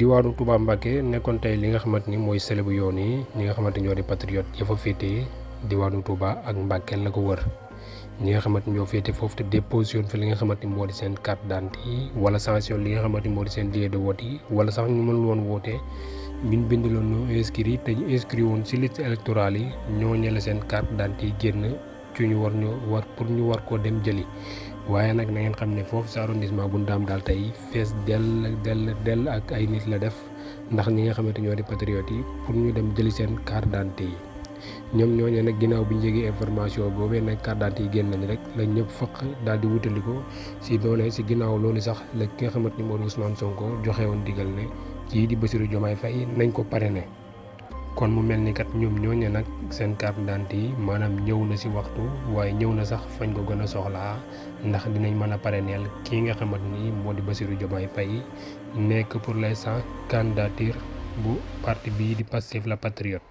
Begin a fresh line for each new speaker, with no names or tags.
diwaanu Touba Mbacké nekkoon tey li nga xamante ni mooy sële bu yoon yi ñi nga xamante ñoo di patriote ya fa féetee diwaanu Touba ak Mbacké la ko wër ñi nga xamante ñoo féete foofu te déposition fi li nga xamante ni moo di seen carte d'identité yi wala sanction li nga xamante ni moo di seen lieu de vote yi wala sax ñu mënul woon woote biñ bind loon ñu inscrit te ñu inscrit woon ci liste électorale yi ñoo ñële seen carte d'identité yi génn ci ñu war ñu war pour ñu war koo dem jëli waaye nag na ngeen xam ne foofu sa arrondissement bu ndaam daal tey fees dell dell dell ak ay nit la def ndax ñi nga xamante ñoo di patriotes yi pour ñu dem jëli seen carte d'identité yi ñoom ñooñu nag ginnaaw bi ñu yëgee information boobee nag carte d'identité yi génn nañu rek la ñëpp faq daal di ko si doone si ginnaaw loolu sax la ki nga xamante ni moo di Ousmane Sonko joxe woon digal ne kii di Bassirou Diomaye fay nañ ko ne kon mu mel ni kat ñoom ñooñu nag seen carte d'identité yi maanaam ñëw na ci waxtu waaye ñëw na sax fañ ko gën a soxlaa ndax dinañ mën a parrainel kii nga xamante ni moo di Bassirou Diomaye Faye nekk pour l'instant candidature bu parti bii di Pastef la Patriote.